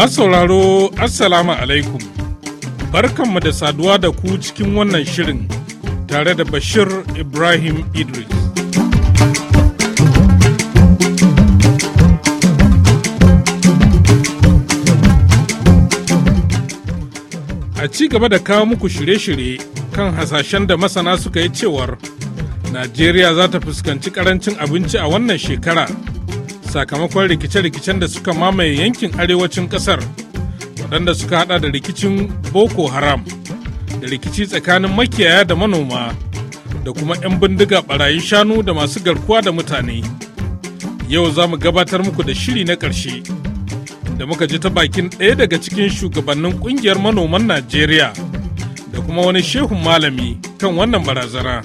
Masu sauraro Assalamu alaikum barkanmu da saduwa da ku cikin wannan shirin tare da Bashir Ibrahim Idris. A ci gaba da kawo muku shirye-shirye kan hasashen da masana suka yi cewar Najeriya za ta fuskanci karancin abinci a wannan shekara. sakamakon rikice-rikicen da suka mamaye yankin arewacin kasar waɗanda suka hada da rikicin boko haram da rikici tsakanin makiyaya da manoma da kuma 'yan bindiga barayin shanu da masu garkuwa da mutane yau za mu gabatar muku da shiri na ƙarshe da muka ji ta bakin ɗaya daga cikin shugabannin ƙungiyar manoman najeriya da kuma wani shehun malami kan wannan barazana.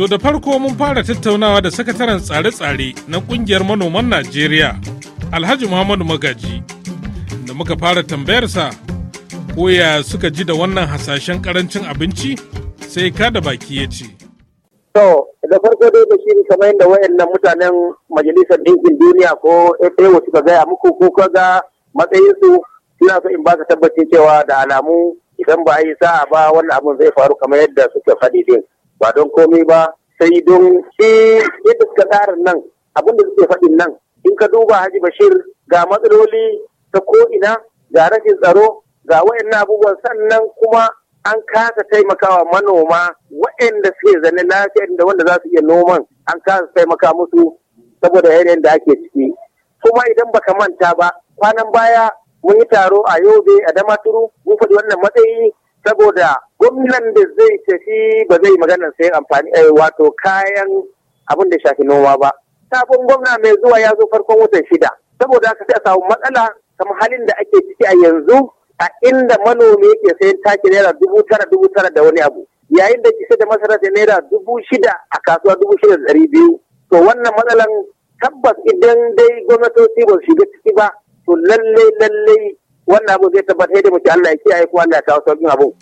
To da farko mun fara tattaunawa da sakataren tsare-tsare na kungiyar manoman Najeriya, Alhaji Muhammadu Magaji, da muka fara tambayarsa ko ya suka ji da wannan hasashen karancin abinci sai ka da baki ya ce. To, da farko dai da shi kamar yadda wayannan mutanen Majalisar Ɗinkin Duniya ko ɗaya suka gaya muku ko ga matsayinsu suna so in ba ka tabbacin cewa da alamu idan ba a yi sa'a ba wannan abin zai faru kamar yadda suka faɗi din. ba don komai ba sai don eh yadda suka tsara nan abin da suke faɗin nan in ka duba Haji Bashir ga matsaloli ta ko'ina ga rashin tsaro ga wayannan abubuwan sannan kuma an kasa taimakawa manoma waɗanda suke zane lafiyar da wanda za su iya noman an kasa taimaka musu saboda yanayin da ake ciki kuma idan baka manta ba kwanan baya mun yi taro a yobe a damaturu mun faɗi wannan matsayi saboda gwamnan da zai tafi ba zai magana sayan amfani eh, wato kayan abin da shafi noma ba sabon gwamna mai zuwa ya zo farkon watan shida saboda aka sai a samu matsala kamar halin da ake ciki a yanzu a inda manomi yake sayan taki naira dubu tara dubu tara da wani abu yayin da kisa da masara da naira dubu shida a kasuwa dubu shida da ɗari biyu to wannan matsalan tabbas idan dai gwamnatoci ba su shiga ciki ba to lallai lallai wannan abu zai tabbata yadda muke Allah ya kiyaye kuma Allah ya kawo sauƙin abu.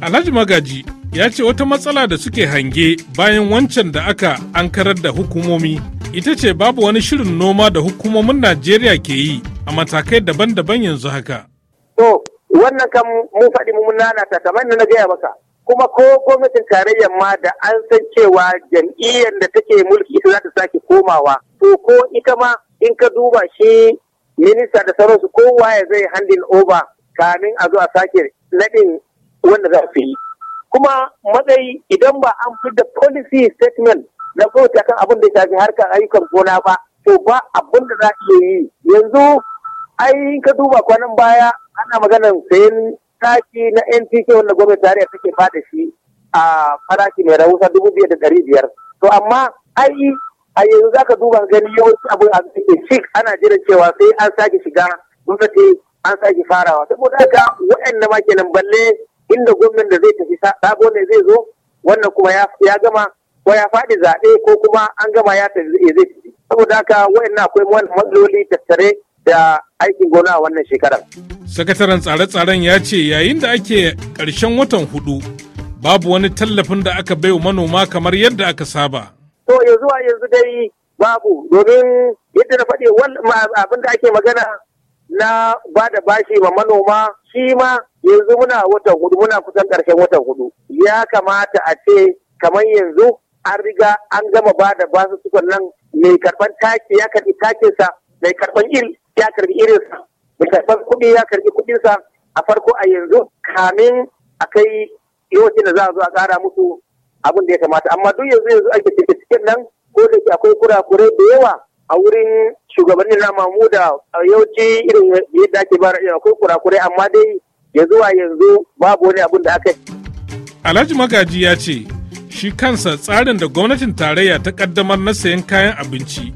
Alhaji Magaji ya ce wata matsala da suke hange bayan wancan da aka ankarar da hukumomi ita ce babu wani shirin noma da hukumomin Najeriya ke yi a matakai daban-daban yanzu haka. To, wannan kan mun faɗi mun ta kamar na gaya maka. Kuma ko gwamnatin tarayyar ma da an san cewa jam'iyyar da take mulki ita za ta sake komawa. To ko ita ma in ka duba shi minista da sauransu kowa ya zai handin over kamin a zo a sake naɗin wanda za su yi kuma matsayi idan ba an fi da policy statement na kowace kan abin da ya shafi harka ayyukan gona ba to ba abin da za iya yi yanzu ai ka duba kwanan baya ana maganar sayan taki na NPK wanda gwamnati tarayya take fada shi a farashi mai rahusa dubu biyar da ɗari biyar to amma ai a yanzu zaka duba gani yawanci abin a cikin cik ana jiran cewa sai an sake shiga gwamnati an sake farawa saboda haka waɗanda ma kenan balle inda gwamnan da zai tafi sabo ne zai zo wannan kuma ya gama ko ya faɗi zaɓe ko kuma an gama ya tafi zai tafi saboda haka waɗannan akwai matsaloli tattare da aikin gona a wannan shekarar. Sakataren tsare-tsaren ya ce yayin da ake ƙarshen watan hudu babu wani tallafin da aka baiwa manoma kamar yadda aka saba. to yanzu wa yanzu dai babu domin yadda na faɗi abin da ake magana na ba da bashi ma manoma shi ma yanzu muna watan hudu muna kusan ƙarshen watan hudu ya kamata a ce kamar yanzu an riga an gama ba da basu tukun nan mai karɓar taki ya karɓi takinsa mai karɓar iri ya karɓi irinsa mai karɓar kuɗi ya karɓi kuɗinsa a farko a yanzu kamin a kai yawancin da za a zo a ƙara musu abin da ya kamata amma duk yanzu yanzu ake cike cikin nan ko da ke akwai kurakurai da yawa a wurin shugabannin na mamu da yauci irin yadda ake bara akwai kurakurai amma dai ya zuwa yanzu babu wani abin da aka yi. Alhaji Magaji ya ce shi kansa tsarin da gwamnatin tarayya ta kaddamar na sayan kayan abinci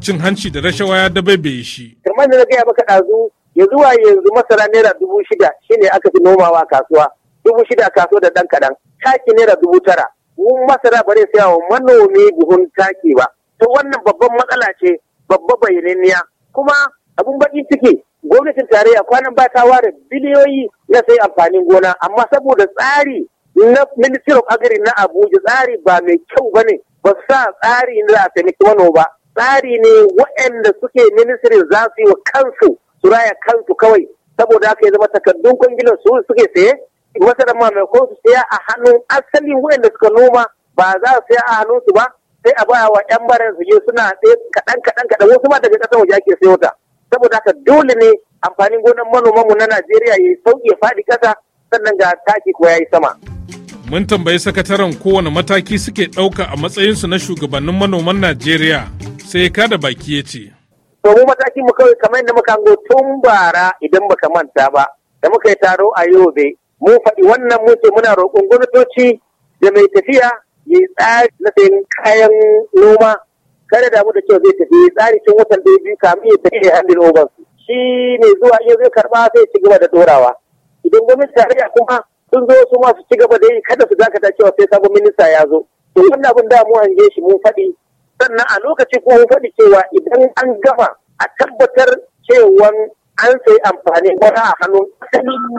cin hanci da rashawa ya dabaibaye shi. Kamar da na gaya maka ɗazu ya zuwa yanzu masara naira dubu shida shine aka fi nomawa kasuwa dubu shida kasuwa da ɗan kaɗan taki naira dubu tara mun masara ba zai saya wa manomi buhun taki ba to wannan babban matsala ce babba bayyananniya kuma abun bakin ciki gwamnatin tarayya kwanan ba ta ware biliyoyi na sai amfanin gona amma saboda tsari na ministry of agri na abuja tsari ba mai kyau ba ne ba sa tsari na a taimaki mano ba tsari ne waɗanda suke ministry za su yi wa kansu su raya kansu kawai saboda haka ya zama takardun kwangilan su suke saye masarar ma maimakon su saya a hannun asalin wayanda suka noma ba za su saya a hannun su ba sai a baya wa yan barin su je suna tsaye kaɗan kaɗan kaɗan wasu ma daga ƙasar waje ake sayo ta saboda haka dole ne amfanin gonan manoman mu na Najeriya ya yi sauke faɗi ƙasa sannan ga taki kuwa ya yi sama. Mun tambayi sakataren kowane mataki suke ɗauka a matsayinsu na shugabannin manoman Najeriya sai ka da baki ya ce. To mu mataki mu kawai kamar yadda muka hango tun bara idan baka manta ba da muka yi taro a Yobe mu faɗi wannan ce muna roƙon gwamnatoci da mai tafiya ya yi tsari na sayan kayan noma kada mu da cewa zai tafi tsari cin watan da ya biyu kamun ya tafi ya handin oban shi ne zuwa iya zai karɓa sai ci gaba da dorawa idan gwamnati tarayya kuma sun zo su masu ci gaba da yi kada su dakata cewa sai sabon minista ya zo to wannan abin da mu hange shi mun faɗi sannan a lokaci kuma mun faɗi cewa idan an gama a tabbatar cewa an sayi amfani gona a hannun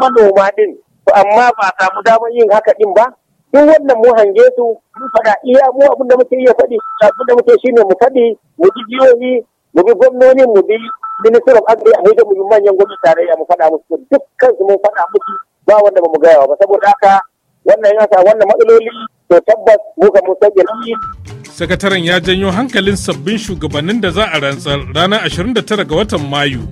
manoma ɗin. amma ba samu damar yin haka din ba duk wannan mu hange su mun faɗa iya mu abin da muke iya faɗi abin da muke shine mu faɗi mu ji jiyoyi mu bi gwamnoni mu bi minister of agri a mu bi manyan gwamnati tarayya mu faɗa musu duk su mun faɗa musu ba wanda ba mu gaya ba saboda haka wannan yasa wannan matsaloli to tabbas mu ga mun sanya nauyi sakataren ya janyo hankalin sabbin shugabannin da za a rantsar ranar 29 ga watan mayu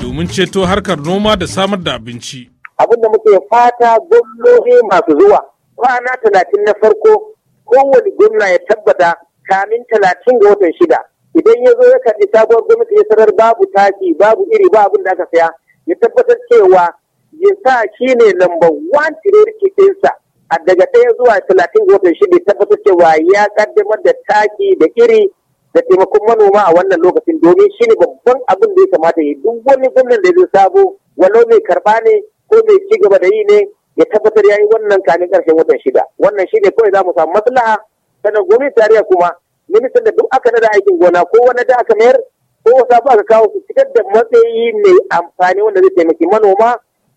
domin ceto harkar noma da samar da abinci. abin da muke fata gwamnoni masu zuwa kwana talatin na farko kowane gwamna ya tabbata kamin talatin ga watan shida idan ya zo ya karɓi sabuwar gwamnati ya sanar babu taki babu iri ba abin da aka saya ya tabbatar cewa ya sa shi ne lambar one priority ɗinsa a daga ɗaya zuwa talatin ga watan shida ya tabbatar cewa ya kaddamar da taki da iri da taimakon manoma a wannan lokacin domin shi ne babban abin da ya kamata ya yi. duk wani gwamnan da ya zo sabo walau mai karɓa ne ko mai ci gaba da yi ne ya tabbatar ya yi wannan kamin karshen watan shida wannan shi ne kawai za mu samu maslaha sannan gwamnati tarayya kuma ministan da duk aka nada aikin gona ko wani da aka mayar ko wasa ba aka kawo su cikar da matsayi mai amfani wanda zai taimaki manoma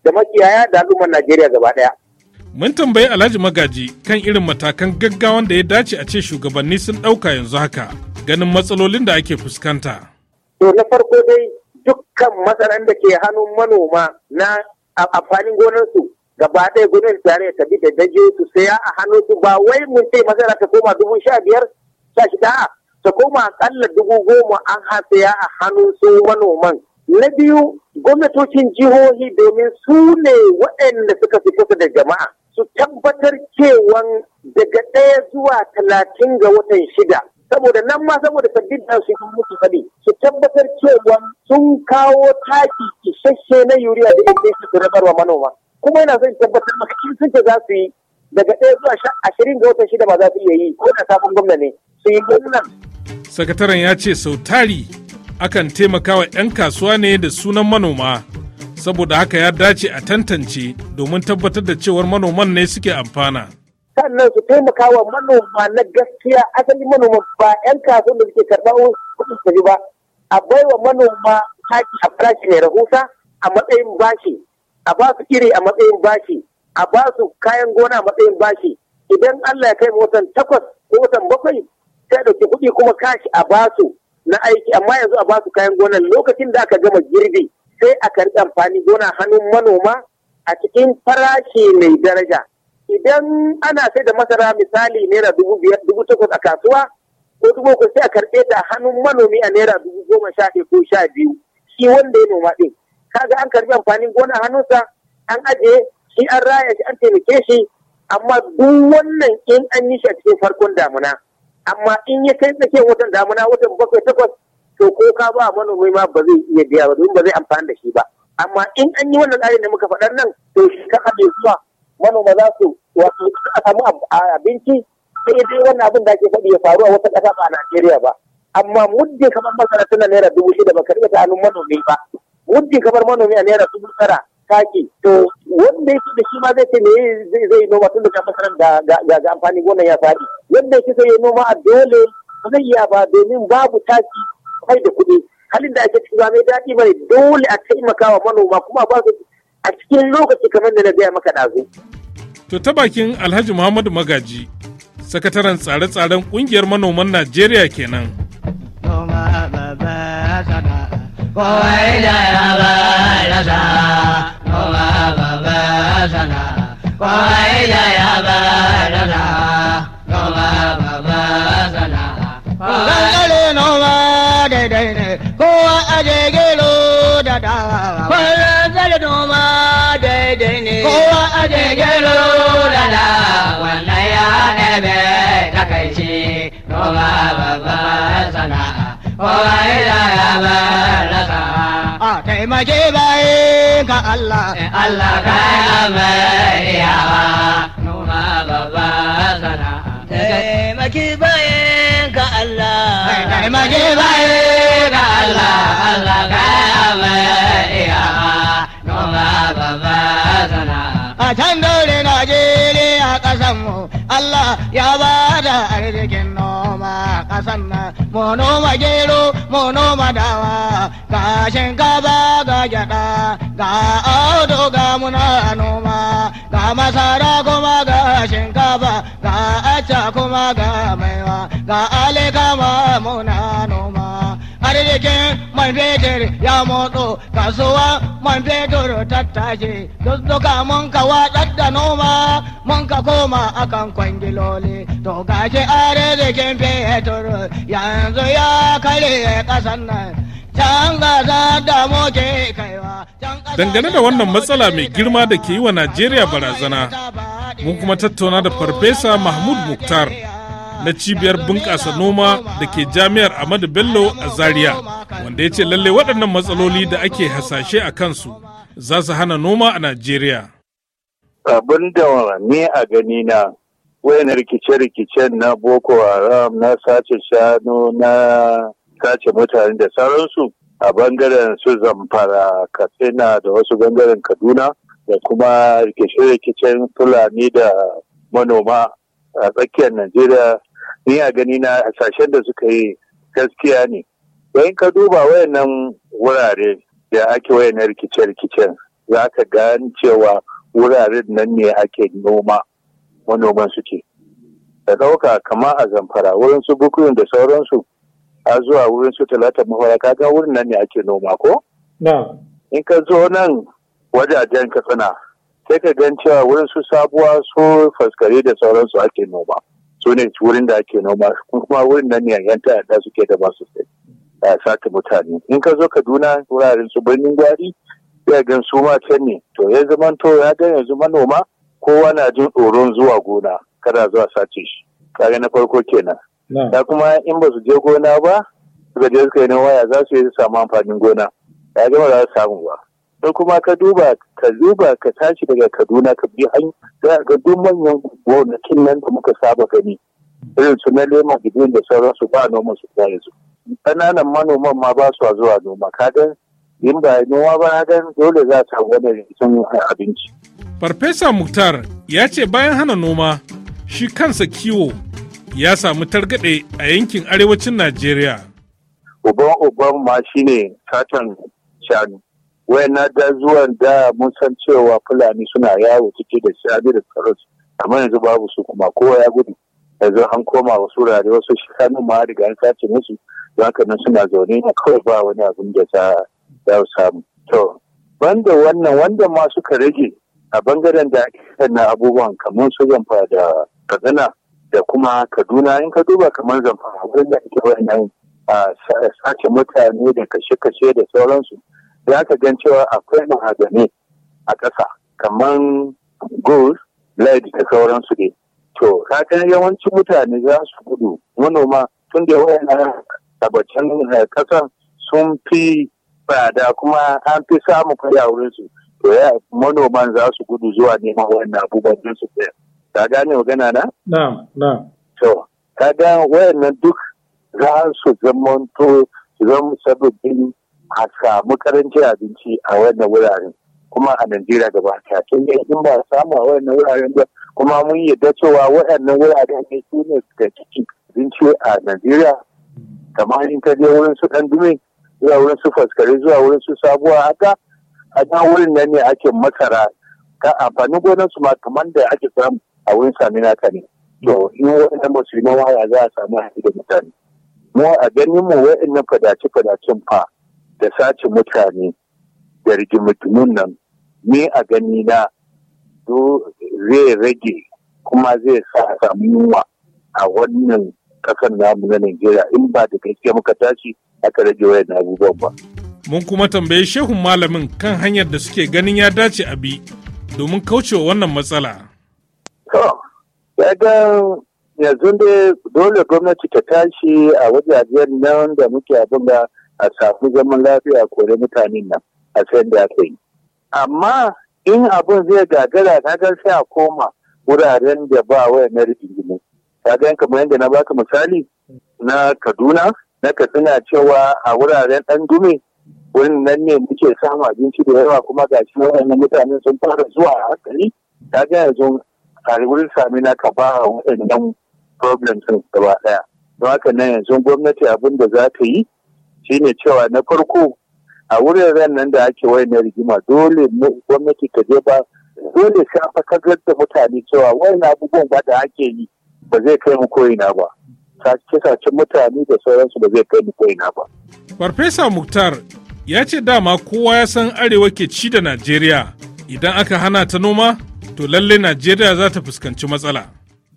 da makiyaya da al'ummar Najeriya gaba ɗaya. Mun tambayi Alhaji Magaji kan irin matakan gaggawan da ya dace a ce shugabanni sun ɗauka yanzu haka ganin matsalolin da ake fuskanta. To na farko dai dukkan matsalan da ke hannun manoma na amfanin gonarsu gaba ɗaya gwamnati tare ta bi da daji su saya a hannu su ba wai mun ce masara ta koma dubu sha biyar sha shida ta koma akalla dubu goma an hasaya a hannun su manoman. Na biyu gwamnatocin jihohi domin su ne waɗanda suka fi kusa da jama'a su tabbatar cewa daga ɗaya zuwa talatin ga watan shida saboda nan ma saboda da su kuma su fadi su tabbatar cewa sun kawo taki isasshe na yuriya da inda su rabarwa manoma kuma yana son tabbatar maka kin sun ce za su yi daga ɗaya zuwa ashirin ga watan shida ba za su iya yi ko da sabon gwamna ne su yi gwamnan. sakataren ya ce sau tari akan taimakawa 'yan kasuwa ne da sunan manoma saboda haka ya dace a tantance domin tabbatar da cewar manoman ne suke amfana. sannan su taimaka wa manoma na gaskiya asali manoma ba 'yan kafin da suke karɓar kuɗin su ba a bai wa manoma haƙi a farashi mai rahusa a matsayin bashi a ba su iri a matsayin bashi a ba su kayan gona a matsayin bashi idan Allah ya kai watan takwas ko watan bakwai sai dauki kuɗi kuma kashi a ba su na aiki amma yanzu a ba su kayan gona lokacin da aka gama girbi sai a karɓi amfani gona hannun manoma a cikin farashi mai daraja idan ana sai da masara misali naira dubu biyar dubu takwas a kasuwa ko dubu ko sai a karɓe ta hannun manomi a naira dubu goma sha ɗaya ko sha biyu shi wanda ya noma ɗin kaga an karɓi amfanin gona hannunsa an ajiye shi an raya shi an taimake shi amma duk wannan in an yi shi a cikin farkon damuna amma in ya kai tsakiyar watan damuna watan bakwai takwas to ko ka ba manomi ma ba zai iya biya ba domin ba zai amfani da shi ba amma in an yi wannan ayin da muka faɗar nan to shi ka haɗe zuwa manoma za su wato a samu abinci sai dai wannan abin da ake faɗi ya faru a wata ƙasa ba a Najeriya ba amma muddin kamar masara tana naira dubu shida ba ka ta hannun manomi ba muddin kamar manomi a naira dubu tara taki to wanda yake da shi ma zai ce me zai zai noma tun da ta masaran ga ga amfani gonan ya faɗi ya yake sai ya noma a dole zai iya ba domin babu taki kai da kuɗi halin da ake cikin mai daɗi ne dole a taimakawa manoma kuma ba su a cikin lokaci kamar da na gaya maka ɗazu. To ta bakin Alhaji Muhammadu Magaji, sakataren tsare-tsaren ƙungiyar manoman Najeriya kenan. Kowa a da dawa. jirgin lulala wannan ya ɗabe takaici noma ya barasa a eh, eh, Allah Allah ka yi amariyawa noma babban sana'a taimake bayan ga Allah taimake bayan ga Allah Allah ka yi amariyawa noma babban sana'a a can daure Najeriya ƙasan mu Allah ya ba da arzikin noma ƙasan nan mu noma gero mu noma dawa ga shinkafa ga gyaɗa ga auto ga muna noma ga masara kuma ga shinkafa ga acca kuma ga maiwa ga kama muna noma arzikin man fetur ya motso kasuwa man fetur tattashe dukka mun ka watsar da noma mun ka koma akan kwangiloli to gashi arzikin fetur yanzu ya kare kasan nan Dangane da wannan matsala mai girma da ke yi wa Najeriya barazana, mun kuma tattauna da Farfesa Mahmud Mukhtar na cibiyar bunƙasa noma da ke jami'ar Ahmadu Bello a Zaria wanda ya ce lalle waɗannan matsaloli da ake hasashe a kansu za su hana noma a Najeriya. Abin da ne a gani na wayan rikice-rikicen na Boko Haram na sace shanu na sace mutane da sauransu a bangaren su zamfara katsina da wasu bangaren kaduna da kuma rikice-rikicen fulani da manoma a tsakiyar najeriya ni a gani na hasashen da suka yi gaskiya ne in ka duba wayannan wurare da ake wayannan rikice-rikicen za ka gani cewa wuraren nan ne ake noma manoman suke da ɗauka kama a zamfara wurin su bukuyin da sauransu a zuwa wurin su talata mafara kaga wurin nan ne ake noma ko? in ka zo nan wajajen katsina sai ka gan cewa wurin su sabuwa su faskare da sauransu ake noma. su ne wurin da ake noma kuma wurin nan ne yan ta'adda suke da masu sake mutane in ka zo kaduna wuraren su birnin gwari ya gan su ma can ne to ya zama to ya ga yanzu manoma kowa na jin tsoron zuwa gona kada zuwa sace shi kare na farko kenan da kuma in ba su je gona ba suka je suka yi ya za su yi su samu amfanin gona ya gama za su samu ba sai kuma ka duba ka duba ka tashi daga kaduna ka bi hanyar ga duk manyan gonakin nan da muka saba gani irin su na lema gidi da sauransu ba noma su da yanzu ƙananan manoman ma ba su zuwa noma ga in ba noma ba kadan dole za ta wani rikicin abinci. farfesa muktar ya ce bayan hana noma shi kansa kiwo ya samu targaɗe a yankin arewacin najeriya. uban uban ma shine satan shanu wayannan na da mun san cewa fulani suna yawo ciki da shanu da tsaron amma yanzu babu su kuma kowa ya gudu yanzu an koma wasu wurare wasu shanu ma riga an sace musu don haka nan suna zaune ne kawai ba wani abin da za za samu to banda wannan wanda ma suka rage a bangaren da ake na abubuwan kamar su zamfa da katsina da kuma kaduna in ka duba kamar zamfa wurin da ake A sace mutane da kashe-kashe da sauransu za ka gan cewa akwai mahadane a ƙasa kamar gold lead da sauransu ne to kakan yawancin mutane za su gudu manoma tun da wayan tabbacin eh, ƙasa sun fi tsada kuma an fi samun kuɗi a wurin to ya manoman za su gudu zuwa neman wannan abubuwan don su tsaya ka gane magana na? na na to ka ga wayannan duk za su zamanto su zama sababbin a samu karancin abinci a wannan wuraren kuma a Najeriya da ba ta tun da in ba samu a wannan wuraren ba kuma mun yadda cewa waɗannan wuraren ne su ne suka ciki abinci a Najeriya kamar in ka je wurin su ɗan dume zuwa wurin su faskare zuwa wurin su sabuwa haka a da wurin nan ne ake masara ka amfani gonar su ma kamar da ake samu a wurin samina ka ne to in waɗannan musulman waya za a samu haɗi da mutane mu a ganin mu waɗannan fadace-fadacen fa da sace mutane da rigimutumin nan ni a gani na zai rage kuma zai sa a samu yunwa a wannan kasan namu na Najeriya in ba da gaske muka tashi aka rage wayan abubuwan ba. Mun kuma tambayi shehun malamin kan hanyar da suke ganin ya dace a bi domin kaucewa wannan matsala. To, daga yanzu dai dole gwamnati ta tashi a wajajen nan da muke abin da a samu zaman lafiya kore mutanen nan a san da aka yi amma in abin zai gagara na ga sai a koma wuraren da ba wai na rigingimu ka ga kamar yadda na baka misali na kaduna na katsina cewa a wuraren dan dume wurin nan ne muke samun abinci da yawa kuma ga shi wannan mutane sun fara zuwa a hankali Ka ga yanzu a wurin sami na ka ba waɗannan problem sun gaba ɗaya don haka nan yanzu gwamnati abin da za ta yi shine cewa na farko a wuraren nan da ake wayan rigima dole gwamnati ka je ba dole sai fakar da mutane cewa wayan abubuwan ba da ake yi ba zai kai mu ko'ina ba sace-sacen mutane da sauransu ba zai kai mu ko'ina ba. Farfesa Muktar ya ce dama kowa ya san arewa ke ci da Najeriya idan aka hana ta noma to lallai Najeriya za ta fuskanci matsala.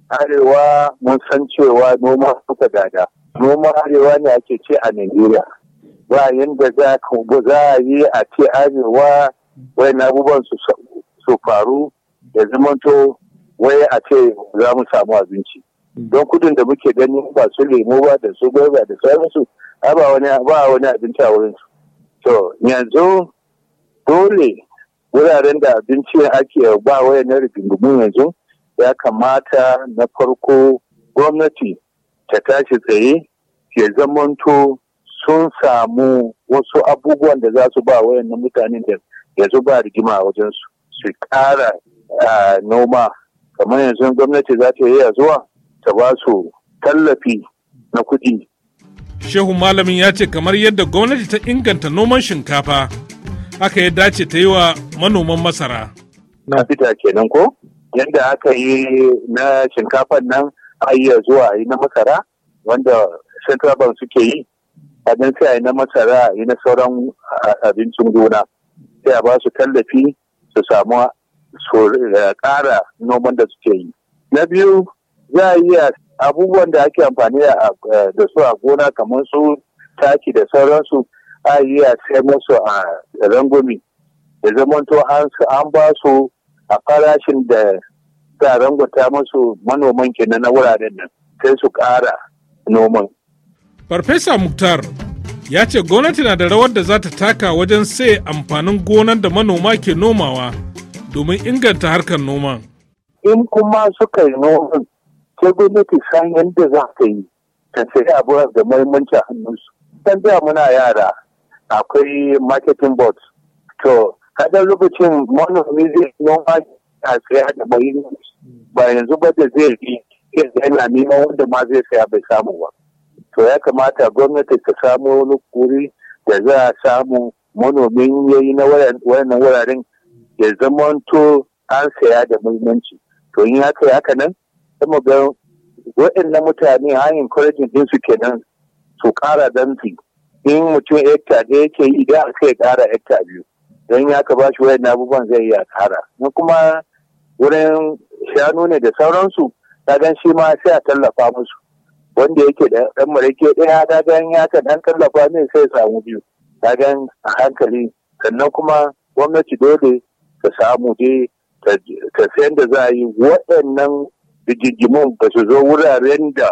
Arewa mun san cewa noma suka gada. Noma arewa ne ake ce a Najeriya. ba yadda za a yi a ce arewa wai na abubuwan su faru da zamanto wai a ce za mu samu abinci don kudin da muke gani ba su lemo ba da su gwaiba da sauransu ba wani ba wani abinci a wurin to yanzu dole wuraren da abinci ake ba waya na rigingimu yanzu ya kamata na farko gwamnati ta tashi tsaye ya zamanto sun samu wasu abubuwan da za su ba wayannan mutanen da yanzu ba rigima a wajensu su ƙara noma kamar yanzu gwamnati za ta yi zuwa ta ba su tallafi na kuɗi. Shehu Malamin ya ce kamar yadda gwamnati ta inganta noman shinkafa aka ya dace ta yi wa manoman masara. Na fita kenan ko? Yadda aka yi na shinkafan nan a iya zuwa yi na masara wanda Central Bank suke yi abin sai a yi na masara a yi na sauran abincin gona sai a ba su tallafi su samu eh, ƙara noman da suke yi na biyu za a yi abubuwan da ake amfani da su a gona kamar su taki da sauransu a yi a sai musu a rangwami da zamanto an ba su a farashin da za a rangwata musu manoman kenan na wuraren nan sai su ƙara noman Farfesa Muktar ya ce gwamnati na da rawar da za ta taka wajen sai amfanin gonar da manoma ke nomawa domin inganta harkar noma. In kuma suka yi noman, sai gwamnati san yadda za ta yi ta sai abubuwan da muhimmanci hannunsu. Dan da muna yara akwai marketing board. To, kada lokacin manomi zai noma a saya da muhimmanci ba yanzu ba da zai yi yana neman wanda ma zai saya bai samu ba. to ya kamata gwamnati ta samu wani kuri da za a samu manomin yayi na wannan wuraren ya to an saya da muhimmanci to in kai haka nan kuma ga na mutane hanyar encouraging din su kenan su ƙara dantsi in mutum hekta da yake yi idan aka ya ƙara hekta biyu don ya ka ba shi abubuwan zai iya ƙara na kuma wurin shanu ne da sauransu ta gan shi ma sai a tallafa musu wanda yake da ɗan mareke ɗaya ta ga ya ka ɗan tallafa ne sai samu biyu ta ga a hankali sannan kuma gwamnati dole ta samu dai ta sayan da za a yi waɗannan rigigimun ba su zo wuraren da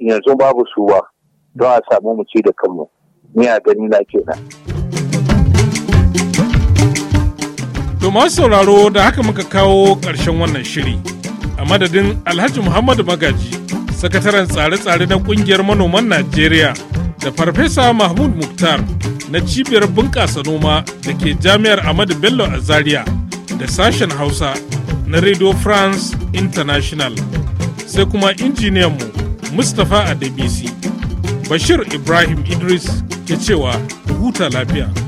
yanzu babu su ba don a samu mu ci da kanmu ni a gani na kenan. To masu sauraro da haka muka kawo ƙarshen wannan shiri a madadin Alhaji Muhammadu Magaji sakataren tsare-tsare na kungiyar manoman najeriya da farfesa mahmud muktar na cibiyar bunƙasa noma da ke jami'ar ahmadu bello a zaria da sashen hausa na radio france international sai kuma injiniyanmu mustapha adebisi bashir ibrahim idris ke cewa huta lafiya